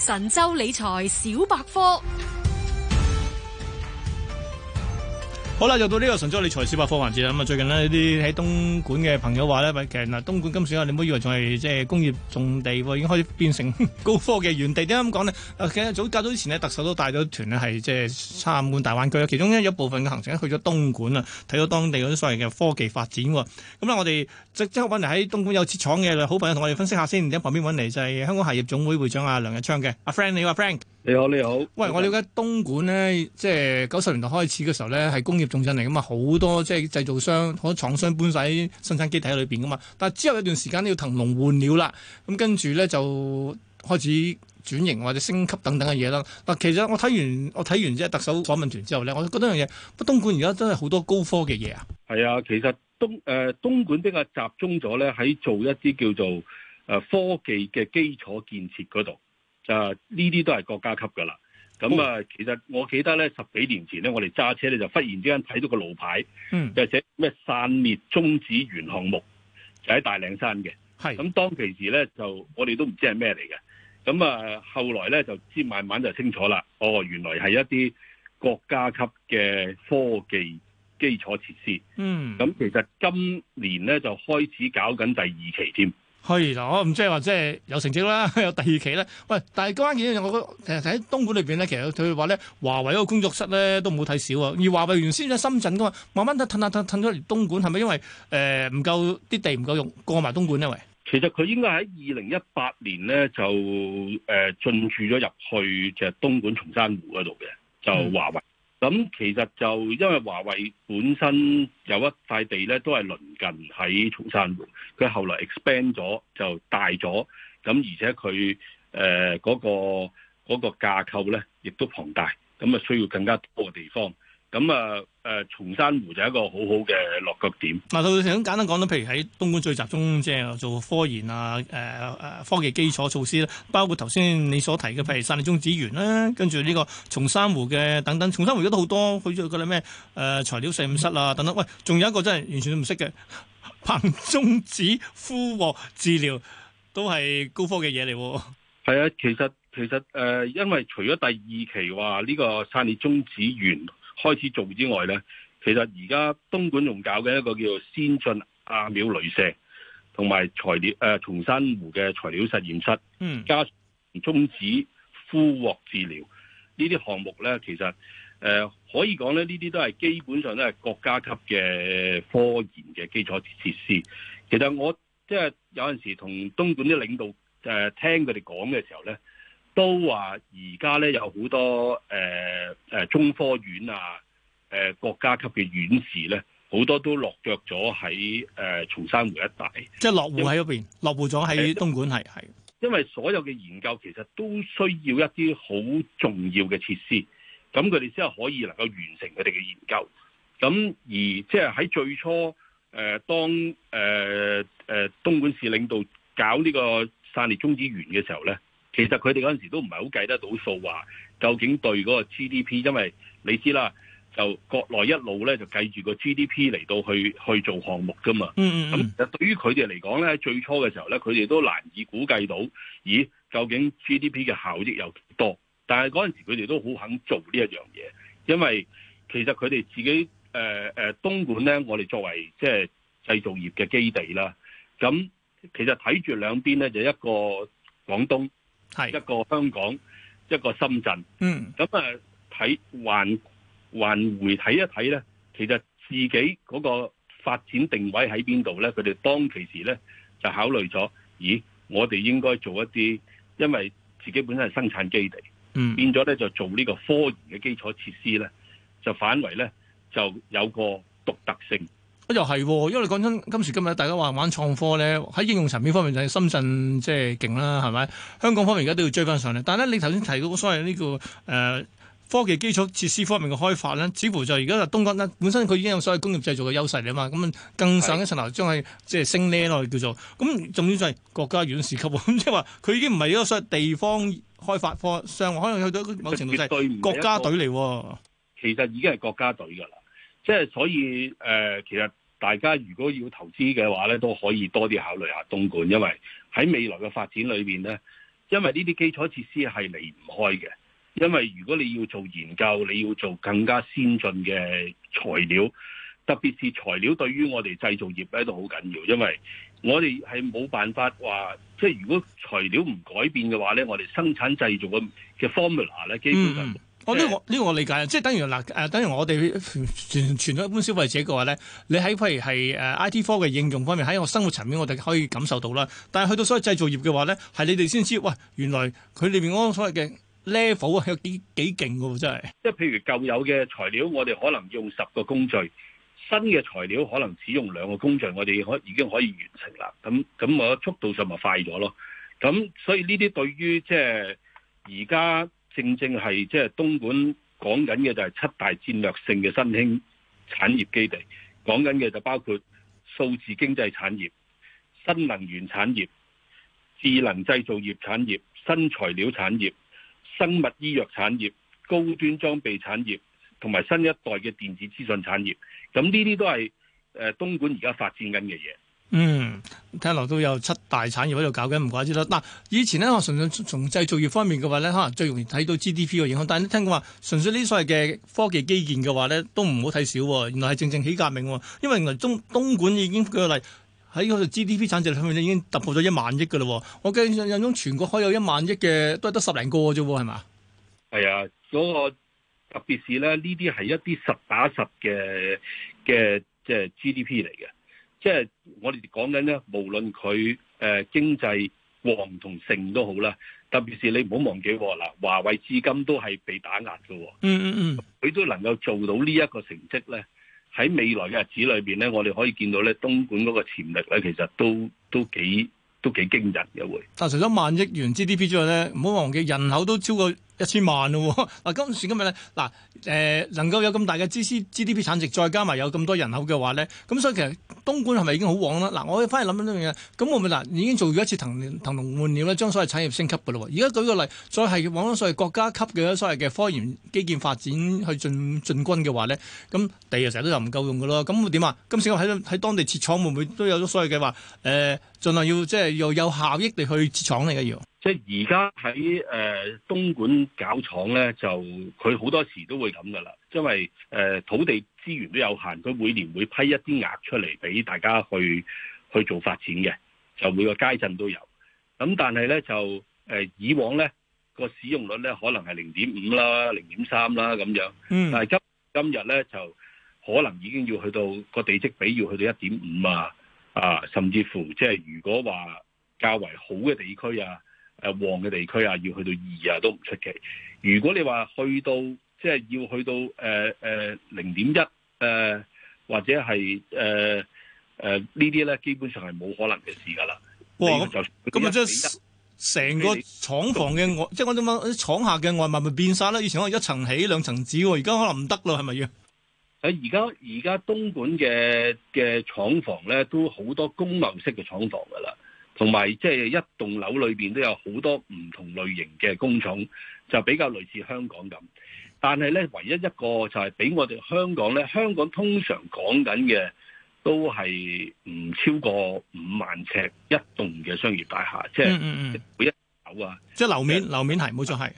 神州理財小百科。好啦，又到呢個神州理財小百科環節啦。咁啊，最近呢啲喺東莞嘅朋友話咧，其實嗱，東莞今時啊，你唔好以為仲係即係工業重地喎，已經開始變成高科技園地。點解咁講呢？其實早較早之前呢，特首都帶咗團咧，係即係參觀大灣區，其中咧有一部分嘅行程去咗東莞啊，睇到當地嗰啲所謂嘅科技發展。咁啦，我哋即刻揾嚟喺東莞有設廠嘅好朋友同我哋分析一下先。而家旁邊揾嚟就係香港鞋業總會會,會長阿梁日昌嘅，阿 Friend 你好阿 Friend。你好，你好。喂，我了解東莞咧，即係九十年代開始嘅時候咧，係工業重鎮嚟噶嘛，好多即係製造商、好多廠商搬晒生產基地喺裏邊噶嘛。但係之後一段時間呢要騰籠換鳥啦，咁跟住咧就開始轉型或者升級等等嘅嘢啦。嗱，其實我睇完我睇完即係特首訪問團之後咧，我覺得樣嘢，不過東莞而家真係好多高科技嘅嘢啊。係啊，其實東誒、呃、東莞比較集中咗咧喺做一啲叫做誒科技嘅基礎建設嗰度。啊！呢啲都係國家級噶啦，咁、嗯哦、啊，其實我記得咧，十幾年前咧，我哋揸車咧就忽然之間睇到個路牌，就寫咩散裂中子源項目，就喺大嶺山嘅。咁、啊、當其時咧，就我哋都唔知係咩嚟嘅。咁啊，後來咧就知慢慢就清楚啦。哦，原來係一啲國家級嘅科技基礎設施。嗯。咁、嗯啊、其實今年咧就開始搞緊第二期添。係，我唔即係話即係有成績啦，有第二期啦。喂，但係關鍵咧，我其實喺東莞裏邊咧，其實佢話咧，華為嗰個工作室咧都唔好睇少啊。而華為原先喺深圳噶嘛，慢慢褪下褪褪咗嚟東莞，係咪因為誒唔夠啲地唔夠用，過埋東莞咧？喂，其實佢應該喺二零一八年咧就誒進駐咗入去就係東莞松山湖嗰度嘅，就華為。咁其實就因為華為本身有一塊地咧，都係鄰近喺松山湖。佢後來 expand 咗就大咗，咁而且佢誒嗰個嗰個架構咧，亦都龐大，咁啊需要更加多嘅地方。咁啊，誒、呃，松山湖就係一個好好嘅落腳點。嗱，到想簡單講到，譬如喺東莞最集中，即係做科研啊、呃，科技基礎措施啦，包括頭先你所提嘅，譬如散裂中子源啦，跟住呢個松山湖嘅等等，松山湖而家都好多，佢咗嗰啲咩材料實驗室啊等等。喂，仲有一個真係完全唔識嘅，硼中子俘獲治療都係高科嘅嘢嚟。係啊，其實其實誒、呃，因為除咗第二期話呢、這個散裂中子源。開始做之外呢，其實而家東莞仲搞緊一個叫做先進亞秒雷射，同埋材料誒、呃、松山湖嘅材料實驗室，嗯，加中子俘獲治療呢啲項目呢，其實誒、呃、可以講呢，呢啲都係基本上都係國家級嘅科研嘅基礎設施。其實我即係、就是、有陣時同東莞啲領導誒、呃、聽佢哋講嘅時候呢。都話而家咧有好多、呃、中科院啊誒、呃、國家級嘅院士咧，好多都落腳咗喺誒松山湖一帶，即係落戶喺嗰邊，落戶咗喺東莞係係、呃、因為所有嘅研究其實都需要一啲好重要嘅設施，咁佢哋先係可以能夠完成佢哋嘅研究。咁而即係喺最初誒、呃、當、呃、東莞市領導搞呢個散裂中子源嘅時候咧。其實佢哋嗰陣時都唔係好計得到數、啊，話究竟對嗰個 GDP，因為你知啦，就國內一路咧就計住個 GDP 嚟到去去做項目㗎嘛。嗯嗯嗯，咁其實對於佢哋嚟講咧，最初嘅時候咧，佢哋都難以估計到，咦，究竟 GDP 嘅效益有幾多？但係嗰陣時佢哋都好肯做呢一樣嘢，因為其實佢哋自己誒誒、呃、東莞咧，我哋作為即係製造業嘅基地啦。咁其實睇住兩邊咧，就一個廣東，係一個香港、一個深圳。嗯，咁啊，睇還還回睇一睇咧，其實自己嗰個發展定位喺邊度咧？佢哋當其時咧就考慮咗，咦，我哋應該做一啲，因為自己本身係生產基地，嗯，變咗咧就做呢個科研嘅基礎設施咧，就反為咧就有個獨特性。又係、哦，因為你講真，今時今日大家話玩創科咧，喺應用層面方面就係深圳，即係勁啦，係、就、咪、是？香港方面而家都要追翻上嚟。但係咧，你頭先提到所謂呢、這個誒、呃、科技基礎設施方面嘅開發咧，似乎就而家東莞咧本身佢已經有所謂的工業製造嘅優勢啊嘛，咁更上一層樓將係即係升呢咯，叫做。咁重點就係國家院士級，即係話佢已經唔係一個所謂地方開發科上，可能去到某程度就係國家隊嚟。其實已經係國家隊㗎啦，即、就、係、是、所以誒、呃，其實。大家如果要投資嘅話咧，都可以多啲考慮下東莞，因為喺未來嘅發展裏邊咧，因為呢啲基礎設施係離唔開嘅。因為如果你要做研究，你要做更加先進嘅材料，特別是材料對於我哋製造業咧都好緊要，因為我哋係冇辦法話，即係如果材料唔改變嘅話咧，我哋生產製造嘅嘅 formula 咧，基本上、嗯。上。呢個呢個我理解，即係等於嗱誒，等於我哋全傳傳咗一般消費者嘅話咧，你喺譬如係 I T 科嘅應用方面，喺我生活層面我哋可以感受到啦。但係去到所謂製造業嘅話咧，係你哋先知，喂，原來佢裏面嗰個所謂嘅 level 係有幾幾勁㗎喎，真係。即係譬如舊有嘅材料，我哋可能用十個工序，新嘅材料可能只用兩個工序，我哋可已經可以完成啦。咁咁我速度上咪快咗咯。咁所以呢啲對於即係而家。正正係即係東莞講緊嘅就係七大戰略性嘅新興產業基地，講緊嘅就包括數字經濟產業、新能源產業、智能製造業產業、新材料產業、生物醫藥產業、高端裝備產業同埋新一代嘅電子資訊產業。咁呢啲都係誒東莞而家發展緊嘅嘢。嗯，聽落都有七大產業喺度搞緊，唔怪之得。嗱，以前咧，我純粹從製造業方面嘅話咧，可能最容易睇到 GDP 嘅影響。但係你聽講話，純粹呢啲所謂嘅科技基建嘅話咧，都唔好睇少。原來係正正起革命喎、哦，因為原來東，東莞已經舉個例喺嗰個 GDP 產值方面已經突破咗一萬億噶啦。我計印象中，全國可有一萬億嘅，都係得十零個啫、哦，係嘛？係啊，嗰個特別是咧，呢啲係一啲實打實嘅嘅即係 GDP 嚟嘅。即係我哋講緊咧，無論佢誒、呃、經濟旺同盛都好啦。特別是你唔好忘記，嗱，華為至今都係被打壓嘅。嗯嗯嗯，佢都能夠做到呢一個成績咧，喺未來嘅日子裏面咧，我哋可以見到咧，東莞嗰個潛力咧，其實都都幾都幾驚人嘅喎。但除咗萬億元 GDP 之外咧，唔好忘記人口都超過一千萬咯喎！嗱，今時今日咧，嗱，誒能夠有咁大嘅 G C G D P 產值，再加埋有咁多人口嘅話咧，咁所以其實東莞係咪已經好旺啦？嗱，我反而諗緊一樣嘢，咁會唔會嗱已經做咗一次騰騰籠換鳥啦，將所謂產業升級嘅咯喎。而家舉個例，再係往所謂國家級嘅所謂嘅科研基建發展去進進軍嘅話咧，咁第日成日都就唔夠用嘅咯。咁會點啊？今時我喺喺當地設廠會唔會都有咗所謂嘅話？誒，儘量要即係又有效益地去設廠嚟嘅要。即係而家喺誒東莞搞廠咧，就佢好多時都會咁噶啦，因為誒土地資源都有限，佢每年會批一啲額出嚟俾大家去去做發展嘅，就每個街鎮都有。咁但係咧就誒以往咧個使用率咧可能係零點五啦、零點三啦咁樣，但係今今日咧就可能已經要去到個地積比要去到一點五啊啊，甚至乎即係如果話較為好嘅地區啊。誒旺嘅地區啊，要去到二啊都唔出奇。如果你話去到即係要去到誒誒零點一誒，或者係誒誒呢啲咧，基本上係冇可能嘅事㗎啦。咁啊，即成個廠房嘅外，就是、即係我諗諗廠下嘅外貌咪變晒啦。以前可能一層起兩層止，哦，而家可能唔得啦，係咪啊？喺而家而家東莞嘅嘅廠房咧，都好多公務式嘅廠房㗎啦。同埋即係一棟樓裏面都有好多唔同類型嘅工廠，就比較類似香港咁。但係呢，唯一一個就係俾我哋香港呢，香港通常講緊嘅都係唔超過五萬尺一棟嘅商業大廈，即係每一樓啊，即係樓面，樓面係冇錯係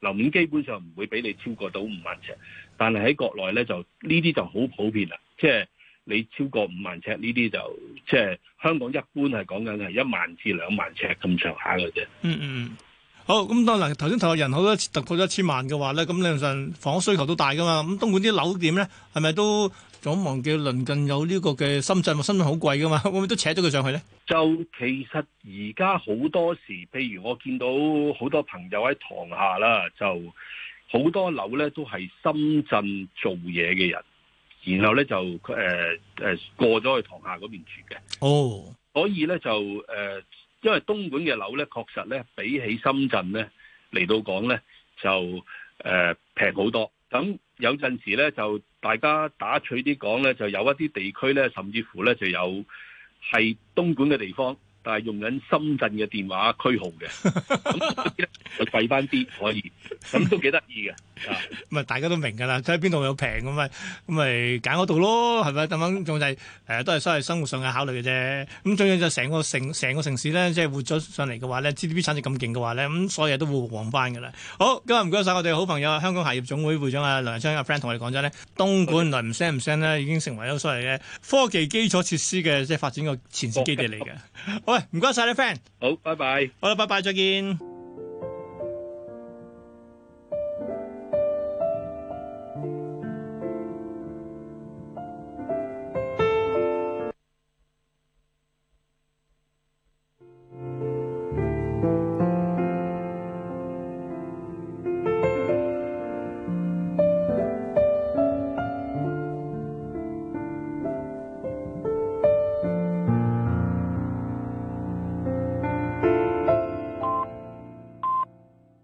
樓面，樓面基本上唔會俾你超過到五萬尺。但係喺國內呢，就呢啲就好普遍啦，即係。你超過五萬尺呢啲就即係、就是、香港一般係講緊係一萬至兩萬尺咁上下嘅啫。嗯嗯，好咁，那當然頭先提下人口咧突破咗一千萬嘅話咧，咁理論上房屋需求都大噶嘛。咁東莞啲樓點咧？係咪都仲唔忘記鄰近有呢個嘅深圳，深圳好貴噶嘛，會唔會都扯咗佢上去咧？就其實而家好多時，譬如我見到好多朋友喺塘廈啦，就好多樓咧都係深圳做嘢嘅人。然後咧就誒誒、呃呃、過咗去塘廈嗰邊住嘅，哦、oh.，所以咧就誒、呃，因為東莞嘅樓咧確實咧比起深圳咧嚟到講咧就誒平好多。咁有陣時咧就大家打趣啲講咧，就有一啲地區咧，甚至乎咧就有係東莞嘅地方，但係用緊深圳嘅電話區號嘅。 貴翻啲可以，咁都幾得意嘅，咁咪大家都明噶啦，睇下邊度有平咁，咪咁咪揀嗰度咯，係咪？咁樣仲就係誒，都係所謂生活上嘅考慮嘅啫。咁仲要就成個城，成個城市咧，即係活咗上嚟嘅話咧，GDP 產值咁勁嘅話咧，咁所有嘢都會旺翻噶啦。好，今日唔該晒我哋好朋友香港鞋業總會會長阿梁日昌阿 friend 同我哋講真咧，東莞嚟唔聲唔聲咧，已經成為咗所謂嘅科技基礎設施嘅即係發展個前線基地嚟嘅。好，唔該晒你 friend，好，拜拜，好啦，拜拜，再見。